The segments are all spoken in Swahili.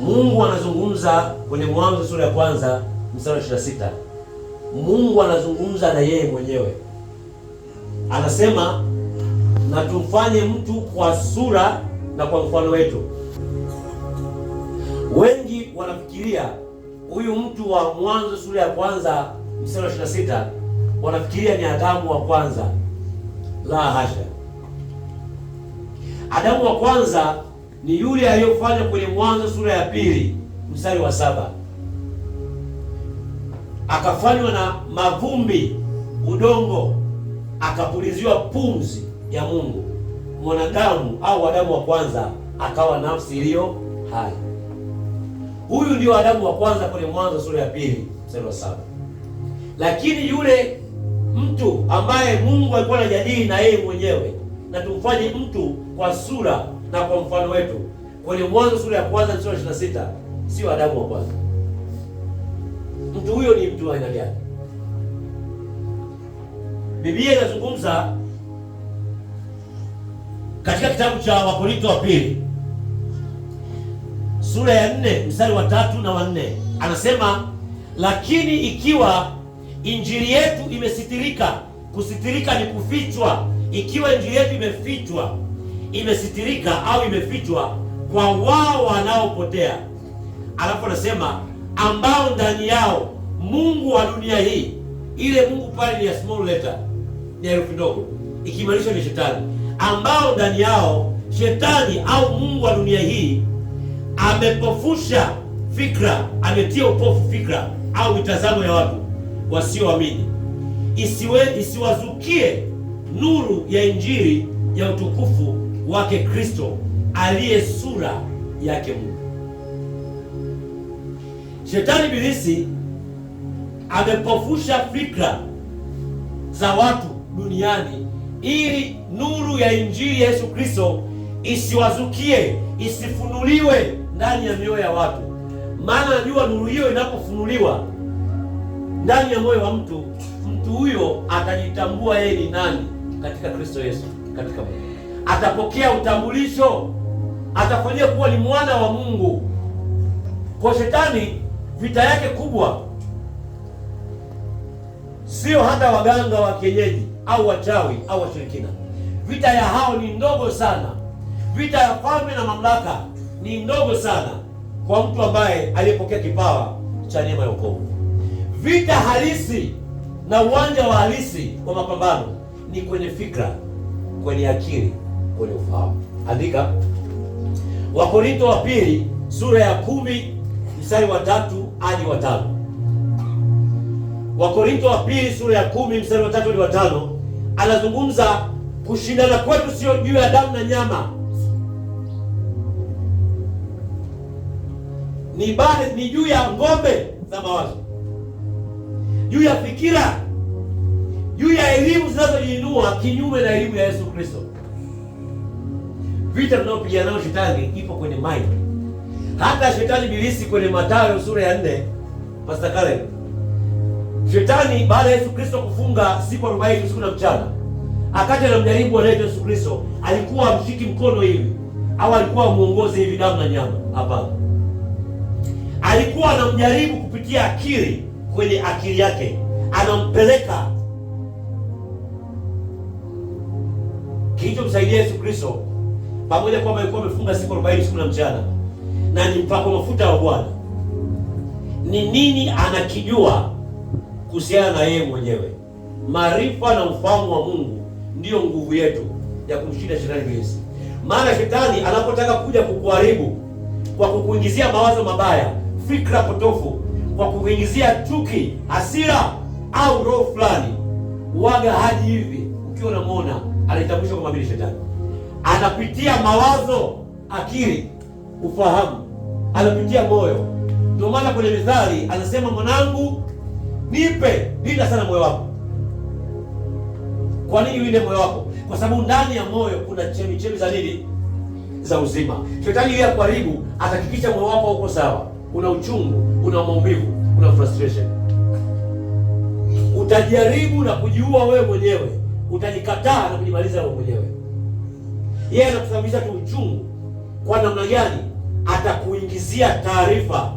Mungu anazungumza kwenye Mwanzo sura ya kwanza mstari wa sita. Mungu anazungumza na yeye mwenyewe, anasema na tumfanye mtu kwa sura na kwa mfano wetu. Wengi wanafikiria huyu mtu wa Mwanzo sura ya kwanza mstari wa sita wanafikiria ni Adamu wa kwanza. La hasha, Adamu wa kwanza ni yule aliyofanya kwenye Mwanzo sura ya pili mstari wa saba akafanywa na mavumbi udongo, akapuliziwa pumzi ya Mungu, mwanadamu au Adamu wa kwanza akawa nafsi iliyo hai. Huyu ndio Adamu wa kwanza kwenye Mwanzo sura ya pili mstari wa saba. Lakini yule mtu ambaye Mungu alikuwa anajadili na yeye mwenyewe, na tumfanye mtu kwa sura na kwa mfano wetu. Kwenye Mwanzo sura ya kwanza mstari ishirini na sita sio Adamu wa kwanza. Mtu huyo ni mtu wa aina gani? Biblia inazungumza katika kitabu cha wakorinto wa pili sura ya nne mstari wa tatu na wa nne anasema, lakini ikiwa injili yetu imesitirika, kusitirika ni kufichwa, ikiwa injili yetu imefichwa imesitirika au imefichwa kwa wao wanaopotea, alafu anasema ambao ndani yao Mungu wa dunia hii. Ile Mungu pale ni ya small letter, ni herufi ndogo, ikimaanisha ni shetani. Ambao ndani yao shetani au Mungu wa dunia hii amepofusha fikra, ametia upofu fikra au mitazamo ya watu wasioamini, isiwe isiwazukie nuru ya Injili ya utukufu wake Kristo aliye sura yake Mungu. Shetani bilisi amepofusha fikra za watu duniani ili nuru ya injili ya Yesu Kristo isiwazukie, isifunuliwe ndani ya mioyo ya watu. Maana najua nuru hiyo inapofunuliwa ndani ya moyo wa mtu, mtu huyo atajitambua yeye ni nani katika Kristo Yesu, katika Mungu atapokea utambulisho, atafanyia kuwa ni mwana wa Mungu. Kwa shetani, vita yake kubwa sio hata waganga wa kienyeji au wachawi au washirikina. Vita ya hao ni ndogo sana. Vita ya falme na mamlaka ni ndogo sana kwa mtu ambaye aliyepokea kipawa cha neema ya wokovu. Vita halisi na uwanja wa halisi wa mapambano ni kwenye fikra, kwenye akili kwenye ufahamu. Andika wakorinto wa pili sura ya kumi mstari wa tatu hadi wa tano. Wakorinto wa pili sura ya kumi mstari wa tatu hadi wa tano anazungumza kushindana kwetu sio juu ya damu na nyama, ni bali ni juu ya ngombe za mawazo, juu ya fikira, juu ya elimu zinazojiinua kinyume na elimu ya Yesu Kristo. Vita mnaopigana nayo shetani ipo kwenye mind. Hata shetani bilisi kwenye Mathayo sura ya nne, Pastor Kale. shetani baada ya Yesu Kristo kufunga siku 40 usiku na mchana, akaja na mjaribu wa Yesu Kristo, alikuwa amshiki mkono hivi au alikuwa amuongoze hivi damu na nyama? Hapana, alikuwa anamjaribu kupitia akili, kwenye akili yake anampeleka. Kilichomsaidia Yesu Kristo pamoja kwamba alikuwa amefunga siku 40 usiku na mchana, na ni mpako mafuta wa Bwana. Ni nini anakijua kuhusiana na yeye mwenyewe? Maarifa na ufahamu wa Mungu ndiyo nguvu yetu ya kumshinda shetani mwenyewe. Maana shetani anapotaka kuja kukuharibu kwa kukuingizia mawazo mabaya, fikra potofu, kwa kukuingizia chuki, hasira au roho fulani, waga haji hivi, ukiwa unamwona anaitambulishwa kama vile shetani anapitia mawazo, akili, ufahamu, anapitia moyo. Ndio maana kwenye Mithali anasema mwanangu, nipe, linda sana moyo wako. Kwa nini uinde moyo wako? Kwa sababu ndani ya moyo kuna chemichemi za nini? Za uzima. Shetani yeye akaribu, atahakikisha moyo wako uko sawa, una uchungu, una maumivu, una frustration, utajaribu na kujiua wewe mwenyewe, utajikataa na kujimaliza wewe mwenyewe yeye anakusababisha tu uchungu. Kwa namna gani? Atakuingizia taarifa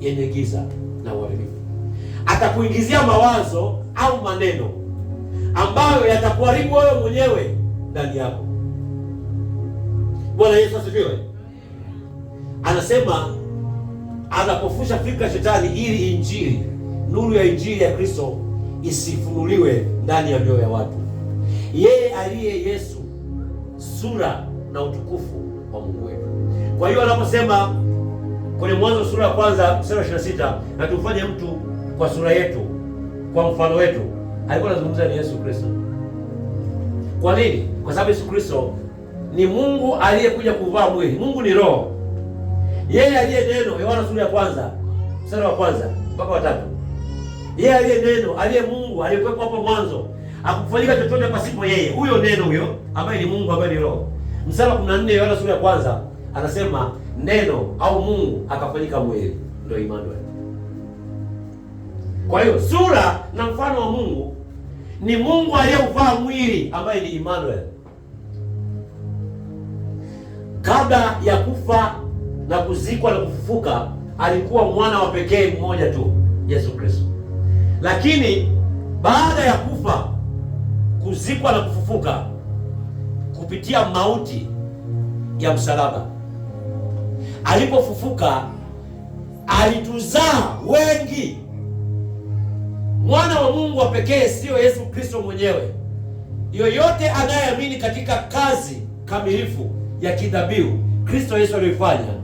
yenye giza na uharibifu, atakuingizia mawazo au maneno ambayo yatakuharibu wewe mwenyewe ndani yako. Bwana Yesu asifiwe. Anasema anapofusha fikra shetani, ili injili, nuru ya injili ya Kristo isifunuliwe ndani ya mioyo ya watu. Yeye aliye Yesu sura na utukufu wa Mungu wetu. Kwa hiyo anaposema kwenye Mwanzo sura ya kwanza mstari wa 26, na tumfanye mtu kwa sura yetu, kwa mfano wetu, alikuwa anazungumza ni Yesu Kristo. Kwa nini? Kwa sababu Yesu Kristo ni Mungu aliyekuja kuvaa mwili. Mungu ni Roho, yeye aliye neno. Yohana sura ya kwanza mstari wa kwanza mpaka tatu yeye aliye neno, aliye Mungu, aliyekuwepo hapo mwanzo Hakufanyika chochote pasipo yeye. Huyo neno huyo ambaye ni Mungu ambaye ni Roho. Mstari wa nne Yohana sura ya kwanza anasema neno au Mungu akafanyika mwili, ndio Emmanuel. Kwa hiyo sura na mfano wa Mungu ni Mungu aliyeuvaa mwili ambaye ni Emmanuel. Kabla ya kufa na kuzikwa na kufufuka, alikuwa mwana wa pekee mmoja tu, Yesu Kristo. Lakini baada ya kufa kuzikwa na kufufuka kupitia mauti ya msalaba. Alipofufuka alituzaa wengi. Mwana wa Mungu wa pekee siyo Yesu Kristo mwenyewe. Yoyote anayeamini katika kazi kamilifu ya kidhabihu Kristo Yesu aliyoifanya,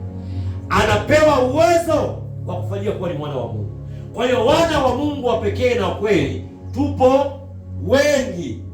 anapewa uwezo wa kufanyia kuwa ni mwana wa Mungu. Kwa hiyo wana wa Mungu wa pekee na kweli tupo wengi.